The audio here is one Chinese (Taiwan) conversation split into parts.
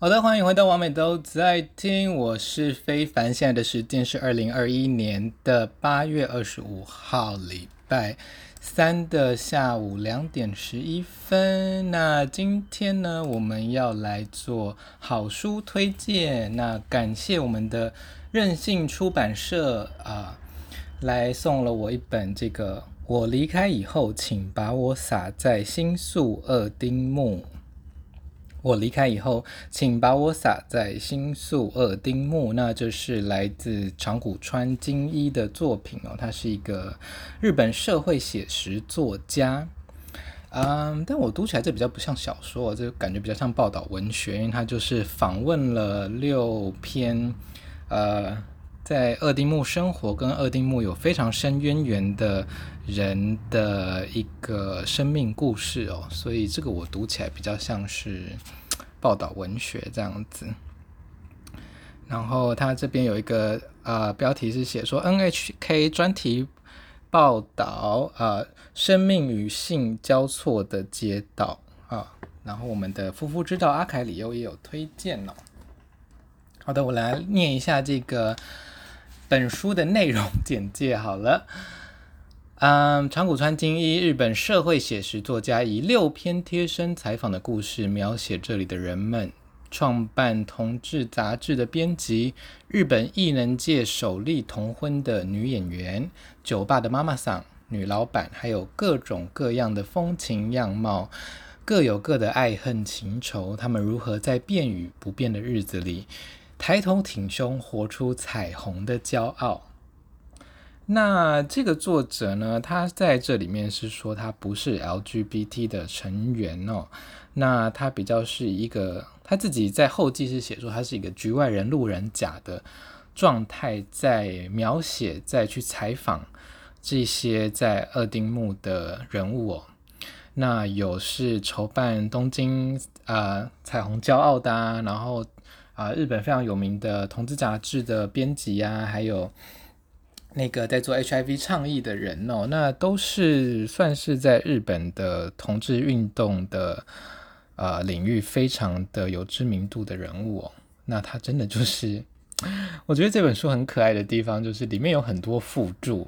好的，歡迎回到完美都在、哦、聽，我是非凡。現在的時間是二零二一年的八月二十五號禮拜三的下午兩點十一分。那今天呢，我們要來做好書推薦。那感謝我們的任性出版社啊、呃，來送了我一本《這個我離開以後，請把我撒在新宿二丁目》。我離開以後，請把我撒在新宿二丁目。那就是來自長谷川晶一的作品哦，他是一個日本社會寫實作家。嗯，但我讀起來這比較不像小說，就感覺比較像報道文學，因為他就是訪問了六篇，呃。在二丁目生活，跟二丁目有非常深淵源的人的一個生命故事哦，所以這個我讀起來比較像是報道文學這樣子。然後它這邊有一個呃標題是寫說 NHK 專題報道啊，呃，生命與性交錯的街道啊。然後我們的夫婦之道阿凱里歐也有推薦哦。好的，我來念一下這個。本書的內容簡介好了，嗯、um,，長谷川晶一，日本社會寫實作家，以六篇貼身採訪的故事，描寫這裡的人們，創辦同志雜誌的編輯，日本藝能界首例同婚的女演員，酒吧的媽媽桑，女老闆，還有各種各樣的風情樣貌，各有各的愛恨情仇，他們如何在變與不變的日子裡，抬頭挺胸，活出彩虹的驕傲。那這個作者呢，他在這裡面是說，他不是 LGBT 的成員哦。那他比較是一個，他自己在後記是寫說，他是一個局外人、路人甲的狀態，在描寫，在去採訪這些在二丁目的人物哦。那有是籌辦東京啊，呃，彩虹驕傲的啊，然後。啊、呃，日本非常有名的同志雜誌的編輯啊，還有那個在做 HIV 倡議的人哦、喔，那都是算是在日本的同志運動的呃領域非常的有知名度的人物、喔。哦。那他真的就是，我覺得這本書很可愛的地方就是裡面有很多附註，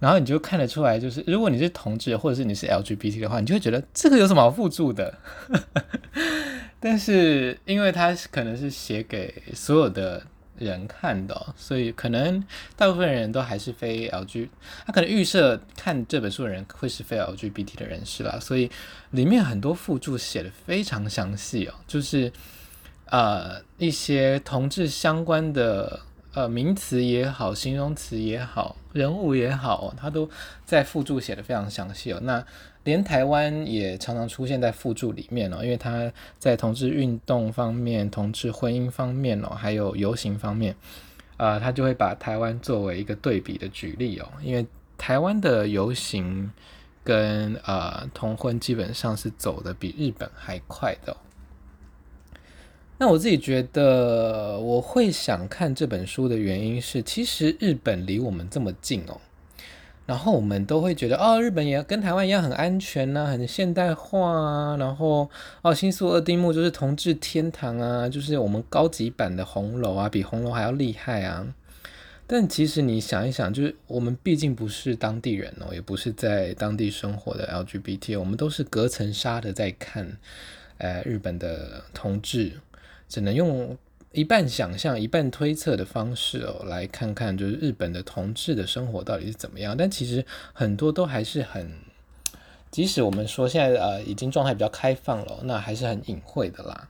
然後你就看得出來，就是如果你是同志或者是你是 LGBT 的話，你就會覺得這個有什麼好附註的？ 但是，因為他可能是寫給所有的人看的、哦，所以可能大部分人都還是非 LGBT，他、啊、可能預設看這本書的人會是非 LGBT 的人士吧？所以裡面很多附注寫的非常詳細哦，就是呃一些同志相關的呃名詞也好、形容詞也好、人物也好，他都在附注寫的非常詳細哦。那連台灣也常常出現在附註裡面哦、喔，因為他在同志運動方面、同志婚姻方面哦、喔，還有遊行方面，啊、呃。他就會把台灣作為一個對比的舉例哦、喔，因為台灣的遊行跟啊、呃、同婚基本上是走得比日本還快的、喔。那我自己覺得，我會想看這本書的原因是，其實日本離我們這麼近哦、喔。然後我們都會覺得哦，日本也跟台灣一樣很安全吶、啊，很現代化啊。然後哦，新宿二丁目就是同志天堂啊，就是我們高級版的紅樓啊，比紅樓還要厲害啊。但其實你想一想，就是我們畢竟不是當地人哦，也不是在當地生活的 LGBT，我們都是隔層紗的在看，呃，日本的同志只能用。一半想象、一半推測的方式哦，來看看就是日本的同志的生活到底是怎麼樣。但其實很多都還是很，即使我們說現在呃已經狀態比較開放了哦，那還是很隱晦的啦。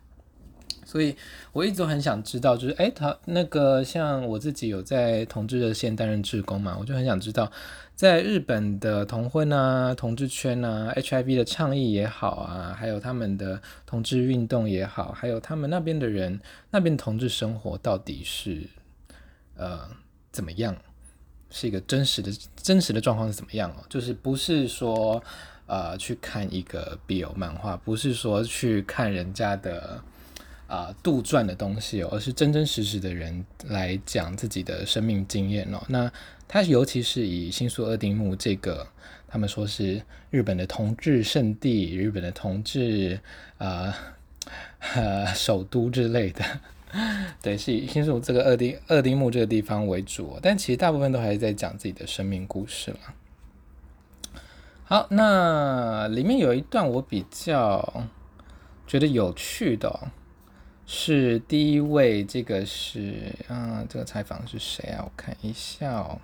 所以我一直都很想知道，就是哎，他那個像我自己有在同志熱線擔任志工嘛，我就很想知道，在日本的同婚啊、同志圈啊、H I V 的倡議也好啊，還有他們的同志運動也好，還有他們那邊的人，那邊的同志生活到底是呃怎麼樣？是一個真實的、真實的狀況是怎麼樣哦？就是不是說呃去看一個 BL 漫畫，不是說去看人家的。啊、呃，杜撰的東西哦，而是真真實實的人來講自己的生命經驗哦。那他尤其是以新宿二丁目這個，他們說是日本的同志聖地，日本的同志啊、呃，呃，首都之類的， 對，是以新宿這個二丁二丁目這個地方為主，哦，但其實大部分都還是在講自己的生命故事嘛。好，那裡面有一段我比較覺得有趣的，哦。是第一位，這個是啊、呃，這個採訪是誰啊？我看一下哦，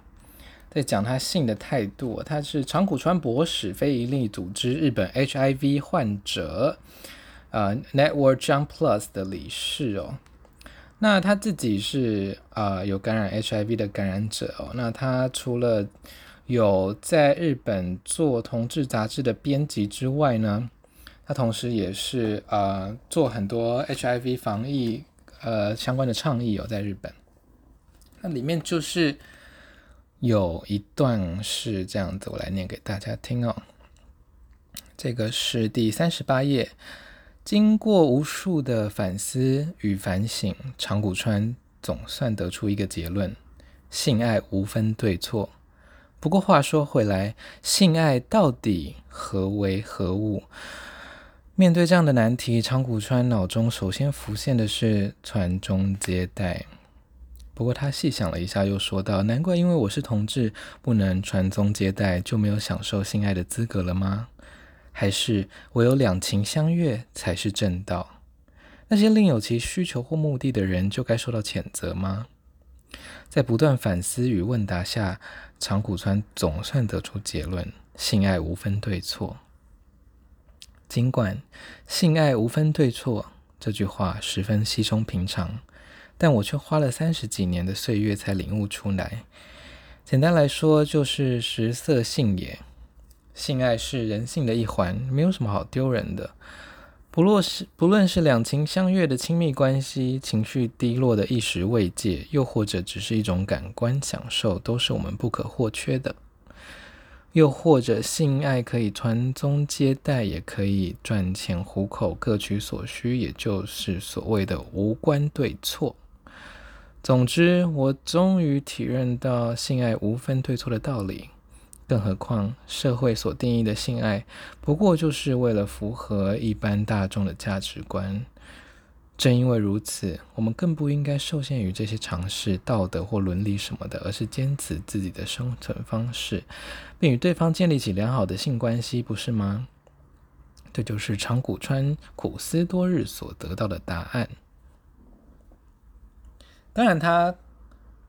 在講他性的態度、哦。他是長谷川博史，非營利組織日本 HIV 患者啊、呃、Network Jump Plus 的理事哦。那他自己是啊、呃，有感染 HIV 的感染者哦。那他除了有在日本做同志雜誌的編輯之外呢，他同時也是呃，做很多 HIV 防疫呃相關的倡議有、哦、在日本。那裡面就是有一段是這樣子，我來念給大家聽哦。這個是第三十八頁。經過無數的反思與反省，長谷川總算得出一個結論：性愛無分對錯。不過話說回來，性愛到底何為何物？面對這樣的難題，長谷川腦中首先浮現的是傳宗接代。不過他細想了一下，又說道：“難怪因為我是同志，不能傳宗接代，就沒有享受性愛的資格了嗎？還是唯有兩情相悅才是正道？那些另有其需求或目的的人，就該受到譴責嗎？”在不斷反思與問答下，長谷川總算得出結論：性愛無分對錯。儘管性愛無分對錯這句話十分稀鬆平常，但我卻花了三十幾年的歲月才領悟出來。簡單來說，就是食色性也。性愛是人性的一環，沒有什麼好丟人的。不論是不論是兩情相悅的親密關係，情緒低落的一時慰藉，又或者只是一種感官享受，都是我們不可或缺的。又或者性愛可以傳宗接代，也可以賺錢糊口，各取所需，也就是所謂的無關對錯。總之，我終於體認到性愛無分對錯的道理。更何況，社會所定義的性愛，不過就是為了符合一般大眾的價值觀。正因為如此，我們更不應該受限於這些常識道德或倫理什麼的，而是堅持自己的生存方式，並與對方建立起良好的性關係，不是嗎？這就是長谷川苦思多日所得到的答案。當然，他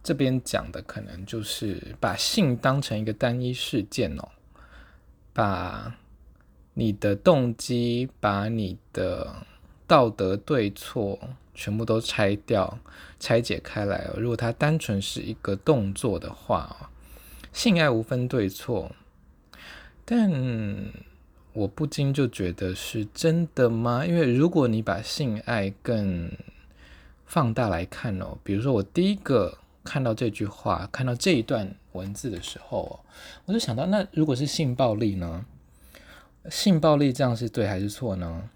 這邊講的可能就是把性當成一個單一事件哦，把你的動機，把你的。道德對錯全部都拆掉、拆解開來哦。如果它單純是一個動作的話，性愛無分對錯，但我不禁就覺得是真的嗎？因為如果你把性愛更放大來看哦，比如說我第一個看到這句話、看到這一段文字的時候哦，我就想到，那如果是性暴力呢？性暴力這樣是對還是錯呢？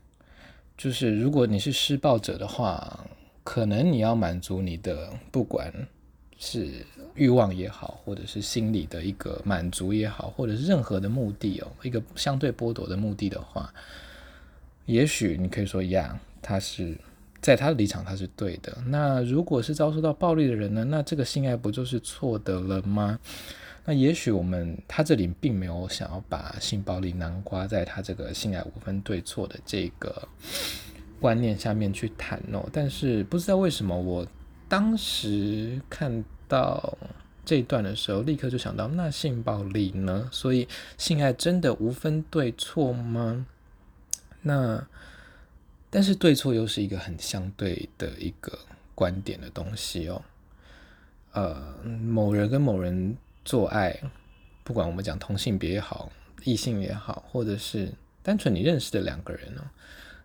就是如果你是施暴者的話，可能你要滿足你的不管是慾望也好，或者是心理的一個滿足也好，或者是任何的目的哦，一個相對剝奪的目的的話，也許你可以說呀，他是在他的立場他是對的。那如果是遭受到暴力的人呢？那這個性愛不就是錯的了嗎？那也許我們他這裡並沒有想要把性暴力囊括在他這個性愛無分對錯的這個觀念下面去談哦，但是不知道為什麼我當時看到這一段的時候，立刻就想到那性暴力呢？所以性愛真的無分對錯嗎？那但是對錯又是一個很相對的一個觀點的東西哦。呃，某人跟某人。做愛，不管我們講同性別也好，異性也好，或者是單純你認識的兩個人呢、喔，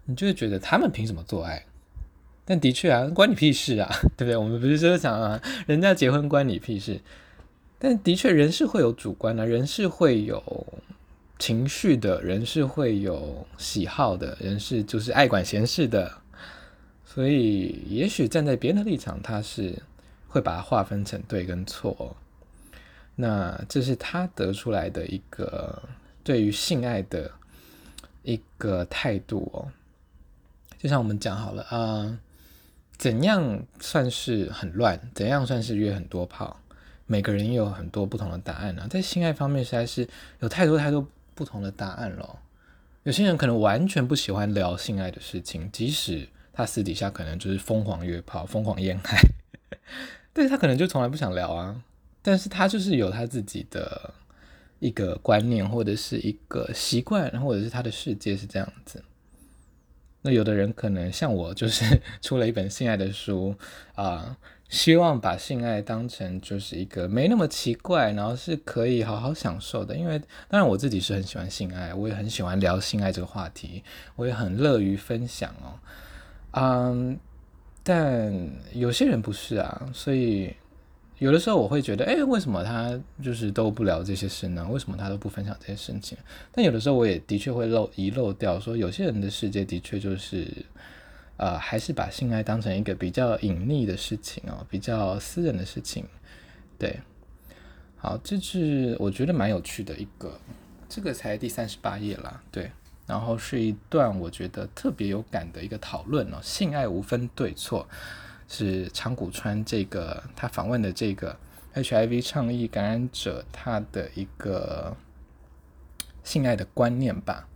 你就會覺得他們憑什麼做愛？但的確啊，關你屁事啊，對不對？我們不是說想講啊，人家結婚關你屁事。但的確，人是會有主觀的、啊，人是會有情緒的，人是會有喜好的，人是就是愛管閒事的。所以，也許站在別人的立場，他是會把它劃分成對跟錯。那這是他得出來的一個對於性愛的一個態度哦。就像我們講好了啊、呃，怎樣算是很亂？怎樣算是約很多炮？每個人有很多不同的答案呢、啊。在性愛方面，實在是有太多太多不同的答案了。有些人可能完全不喜歡聊性愛的事情，即使他私底下可能就是瘋狂約炮、瘋狂艷愛， 但是他可能就從來不想聊啊。但是他就是有他自己的一個觀念，或者是一個習慣，然後或者是他的世界是這樣子。那有的人可能像我，就是出了一本性愛的書啊，希望把性愛當成就是一個沒那麼奇怪，然後是可以好好享受的。因為當然我自己是很喜歡性愛，我也很喜歡聊性愛這個話題，我也很樂於分享哦。嗯，但有些人不是啊，所以。有的時候我會覺得，哎、欸，為什麼他就是都不聊這些事呢？為什麼他都不分享這些事情？但有的時候我也的確會漏遺漏掉，說有些人的世界的確就是，呃，還是把性愛當成一個比較隱祕的事情哦、喔，比較私人的事情。對，好，這是我覺得蠻有趣的一個，這個才第三十八頁啦，對，然後是一段我覺得特別有感的一個討論哦，性愛無分對錯。是長谷川這個他訪問的這個 HIV 倡議感染者他的一個性愛的觀念吧？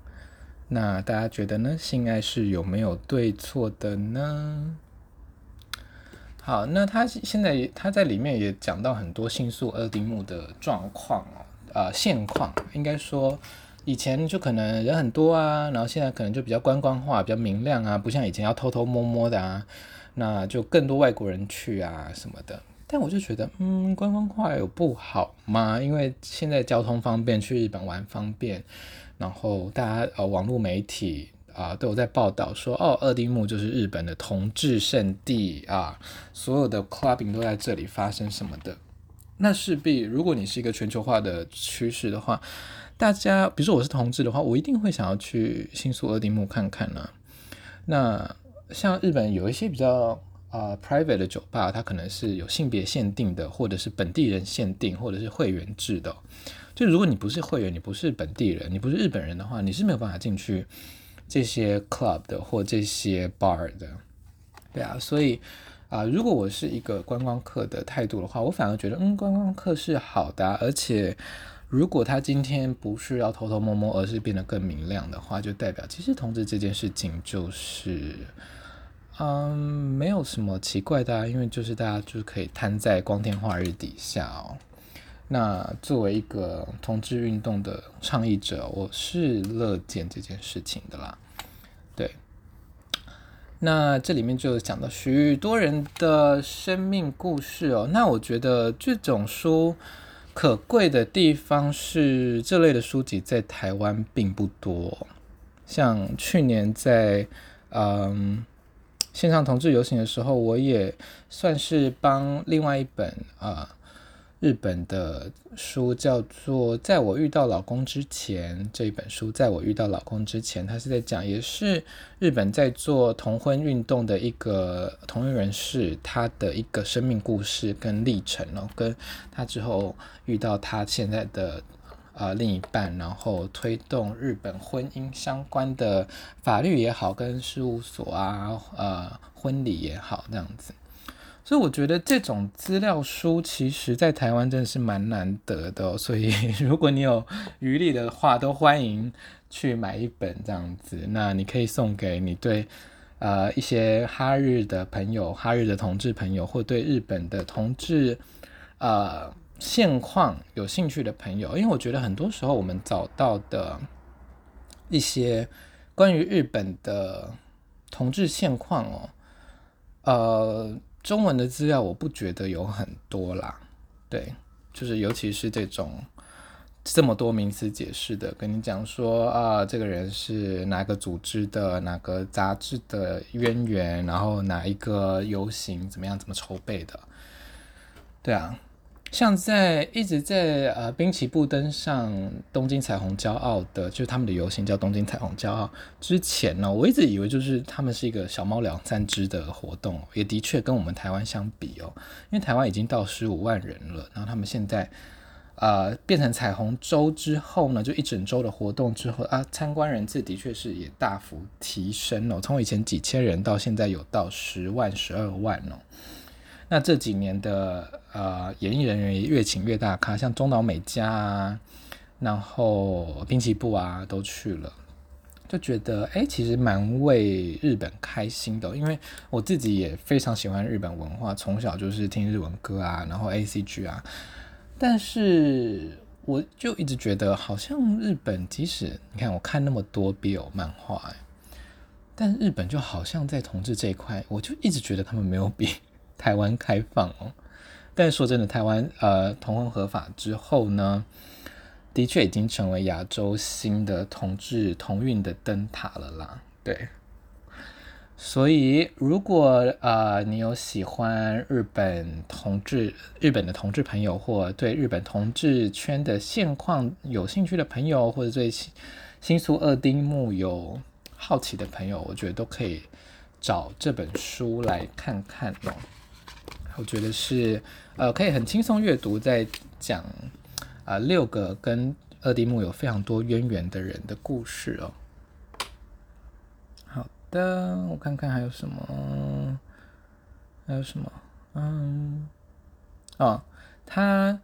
那大家覺得呢？性愛是有沒有對錯的呢？好，那他現在他在裡面也講到很多新宿二丁目的狀況哦，呃，現況應該說，以前就可能人很多啊，然後現在可能就比較觀光化，比較明亮啊，不像以前要偷偷摸摸的啊。那就更多外國人去啊什麼的，但我就覺得，嗯，觀光化有不好嗎？因為現在交通方便，去日本玩方便，然後大家呃網絡媒體啊、呃、都有在報道說，哦，二丁目就是日本的同志聖地啊，所有的 clubbing 都在這裡發生什麼的。那勢必如果你是一個全球化的趨勢的話，大家比如說我是同志的話，我一定會想要去新宿二丁目看看呢、啊。那。像日本有一些比較啊、呃、private 的酒吧，它可能是有性別限定的，或者是本地人限定，或者是會員制的。就如果你不是會員，你不是本地人，你不是日本人的話，你是沒有辦法進去這些 club 的或這些 bar 的。對啊，所以啊、呃，如果我是一個觀光客的態度的話，我反而覺得嗯，觀光客是好的、啊。而且如果他今天不是要偷偷摸摸，而是變得更明亮的話，就代表其實同志這件事情就是。嗯，um, 沒有什麼奇怪的啊，因為就是大家就是可以攤在光天化日底下哦。那作為一個同志運動的倡議者，我是樂見這件事情的啦。對，那這裡面就講到許多人的生命故事哦。那我覺得這種書可貴的地方是，這類的書籍在台灣並不多哦。像去年在，嗯。線上同志遊行的時候，我也算是幫另外一本啊、呃、日本的書，叫做《在我遇到老公之前》這一本書。在我遇到老公之前，他是在講，也是日本在做同婚運動的一個同齡人士他的一個生命故事跟歷程、哦、跟他之後遇到他現在的。呃，另一半，然後推動日本婚姻相關的法律也好，跟事務所啊，呃，婚禮也好，這樣子。所以我覺得這種資料書，其實在台灣真的是蠻難得的哦。所以如果你有餘力的話，都歡迎去買一本這樣子。那你可以送給你對呃一些哈日的朋友，哈日的同志朋友，或對日本的同志，呃。現況有興趣的朋友，因為我覺得很多時候我們找到的一些關於日本的同志現況哦，呃，中文的資料我不覺得有很多啦。對，就是尤其是這種這麼多名詞解釋的，跟你講說啊、呃，這個人是哪個組織的、哪個雜誌的淵源，然後哪一個遊行怎麼樣、怎麼籌備的，對啊。像在一直在呃，濱崎步登上東京彩虹驕傲的，就是他們的遊行叫東京彩虹驕傲。之前呢，我一直以為就是他們是一個小貓兩三隻的活動，也的確跟我們台灣相比哦，因為台灣已經到十五萬人了。然後他們現在啊、呃，變成彩虹周之後呢，就一整周的活動之後啊，參觀人次的確是也大幅提升了、哦，從以前幾千人到現在有到十萬、十二萬了、哦。那這幾年的呃，演藝人員也越請越大咖，像中島美嘉啊，然後濱崎步啊都去了，就覺得哎、欸，其實蠻為日本開心的，因為我自己也非常喜歡日本文化，從小就是聽日文歌啊，然後 A C G 啊，但是我就一直覺得，好像日本即使你看我看那麼多 BL 漫畫、欸，但日本就好像在同志這一塊，我就一直覺得他們沒有比。台灣開放哦，但說真的，台灣呃同婚合法之後呢，的確已經成為亞洲新的同志同運的燈塔了啦。對，所以如果呃你有喜歡日本同志、日本的同志朋友，或對日本同志圈的現況有興趣的朋友，或者對新宿二丁目有好奇的朋友，我覺得都可以找這本書來看看哦、喔。我覺得是，呃，可以很輕鬆閱讀，在講，啊、呃、六個跟二丁目有非常多淵源的人的故事哦。好的，我看看還有什麼，還有什麼？嗯、啊、哦，他。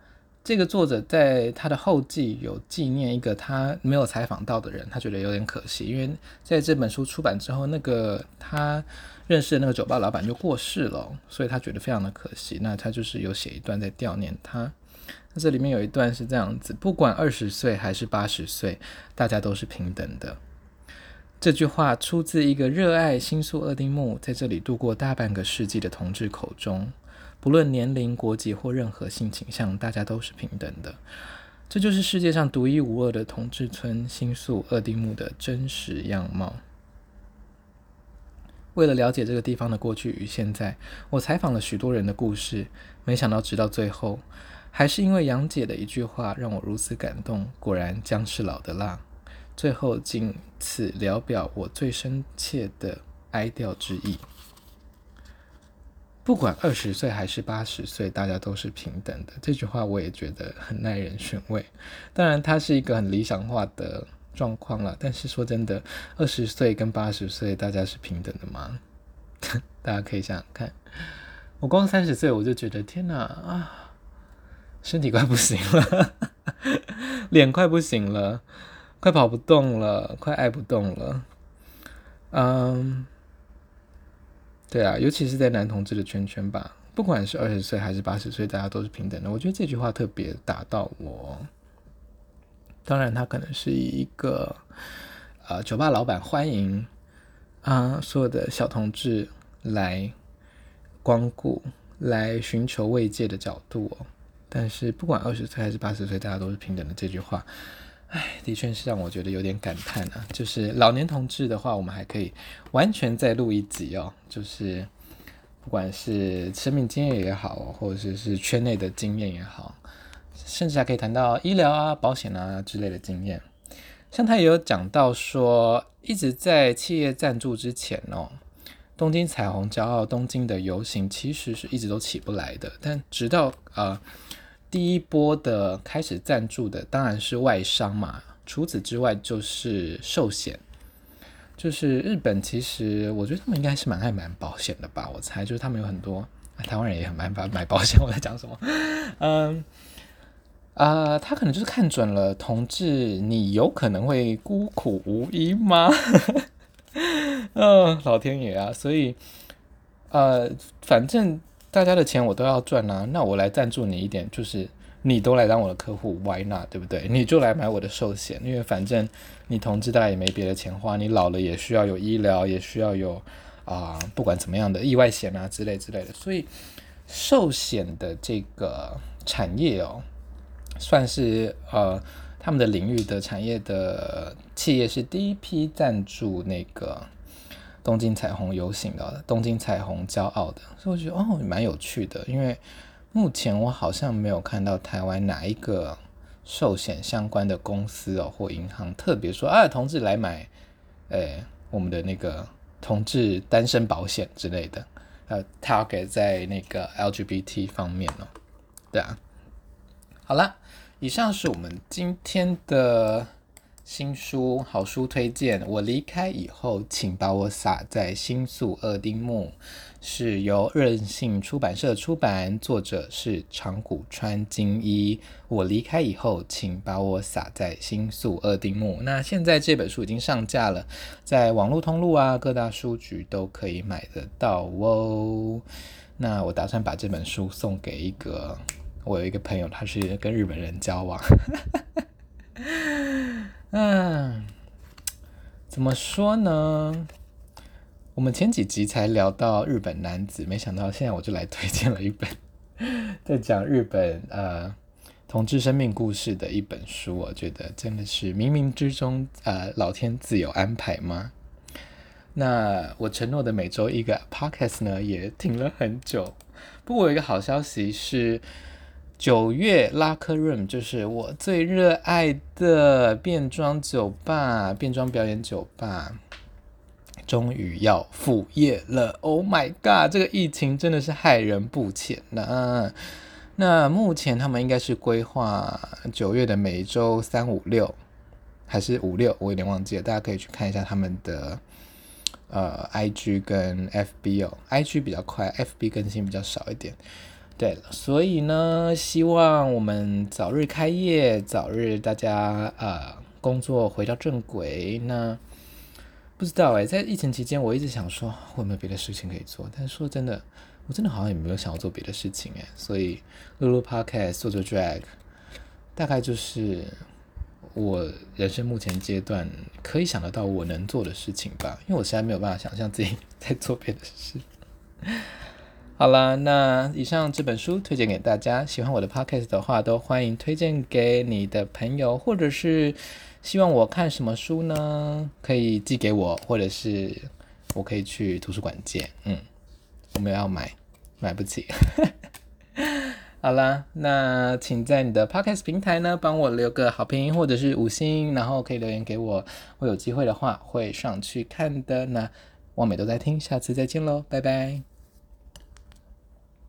這個作者在他的後記有紀念一個他沒有採訪到的人，他覺得有點可惜，因為在這本書出版之後，那個他認識的那個酒吧老闆就過世了，所以他覺得非常的可惜。那他就是有寫一段在悼念他。那這裡面有一段是這樣子：不管二十歲還是八十歲，大家都是平等的。這句話出自一個熱愛新宿二丁目，在這裡度過大半個世紀的同志口中。不論年齡、國籍或任何性傾向，大家都是平等的。這就是世界上獨一無二的同志村新宿二丁目的真實樣貌。為了了解這個地方的過去與現在，我採訪了許多人的故事。沒想到，直到最後，還是因為楊姐的一句話讓我如此感動。果然，薑是老的辣。最後，僅此聊表我最深切的哀悼之意。不管二十歲還是八十歲，大家都是平等的。這句話我也覺得很耐人尋味。當然，它是一個很理想化的狀況了。但是說真的，二十歲跟八十歲大家是平等的嗎？大家可以想想看，我光三十歲我就覺得天哪啊，身體快不行了，臉快不行了，快跑不動了，快愛不動了，嗯。對啊，尤其是在男同志的圈圈吧，不管是二十歲還是八十歲，大家都是平等的。我覺得這句話特別打到我。當然，他可能是一個，呃，酒吧老闆歡迎，啊，所有的小同志來光顧、來尋求慰藉的角度哦。但是，不管二十歲還是八十歲，大家都是平等的這句話。唉，的確是讓我覺得有點感嘆啊。就是老年同志的話，我們還可以完全再錄一集哦。就是不管是生命經驗也好，或者是,是圈內的經驗也好，甚至還可以談到醫療啊、保險啊之類的經驗。像他也有講到說，一直在企業贊助之前哦，東京彩虹驕傲，東京的遊行其實是一直都起不來的。但直到啊。呃第一波的開始贊助的當然是外商嘛，除此之外就是壽險。就是日本其實，我覺得他們應該是蠻愛買保險的吧，我猜就是他們有很多、哎、台灣人也很愛買買保險。 我在講什麼？嗯、呃，啊、呃，他可能就是看準了同志，你有可能會孤苦無依嗎？嗯、 呃，老天爺啊！所以，呃，反正。大家的錢我都要賺啊，那我來贊助你一點，就是你都來當我的客戶，Why not？對不對？你就來買我的壽險，因為反正你同志大概也沒別的錢花，你老了也需要有醫療，也需要有啊、呃，不管怎麼樣的意外險啊之類之類的。所以壽險的這個產業哦，算是呃他們的領域的產業的企業是第一批贊助那個。東京彩虹遊行的，東京彩虹驕傲的，所以我覺得哦蠻有趣的，因為目前我好像沒有看到台灣哪一個壽險相關的公司哦或銀行特別說啊，同志來買，呃、欸，我們的那個同志單身保險之類的，呃、啊，target 在那個 LGBT 方面哦，對啊，好了，以上是我們今天的。新書好書推薦，《我離開以後，請把我撒在新宿二丁目》是由任性出版社出版，作者是長谷川晶一。《我離開以後，請把我撒在新宿二丁目》那現在這本書已經上架了，在網絡通路啊，各大書局都可以買得到哦。那我打算把這本書送給一個，我有一個朋友，他是跟日本人交往。 嗯，怎麼說呢？我們前幾集才聊到日本男子，沒想到現在我就來推薦了一本在講日本呃同志生命故事的一本書。我覺得真的是冥冥之中呃老天自有安排嗎？那我承諾的每週一個 Podcast 呢也停了很久，不過我有一個好消息是。九月，Locker Room 就是我最熱愛的變裝酒吧、變裝表演酒吧，終於要復業了！Oh my god，這個疫情真的是害人不淺吶、呃。那目前他們應該是規劃九月的每周三、五、六，還是五六？我有點忘記了，大家可以去看一下他們的呃，IG 跟 FB 哦，IG 比較快，FB 更新比較少一點。對，所以呢，希望我們早日開業，早日大家呃工作回到正軌。那不知道誒、欸，在疫情期間，我一直想說，我有沒有別的事情可以做？但是說真的，我真的好像也沒有想要做別的事情誒、欸。所以，露露 Podcast 做做 Drag，大概就是我人生目前階段可以想得到我能做的事情吧。因為我實在沒有辦法想象自己在做別的事。好啦，那以上這本書推薦給大家。喜歡我的 podcast 的話，都歡迎推薦給你的朋友，或者是希望我看什麼書呢？可以寄給我，或者是我可以去圖書館借。嗯，我沒有要買，買不起。 好啦，那請在你的 podcast 平台呢，幫我留個好評，或者是五星，然後可以留言給我，我有機會的話會上去看的。那望美都在聽，下次再見嘍，拜拜。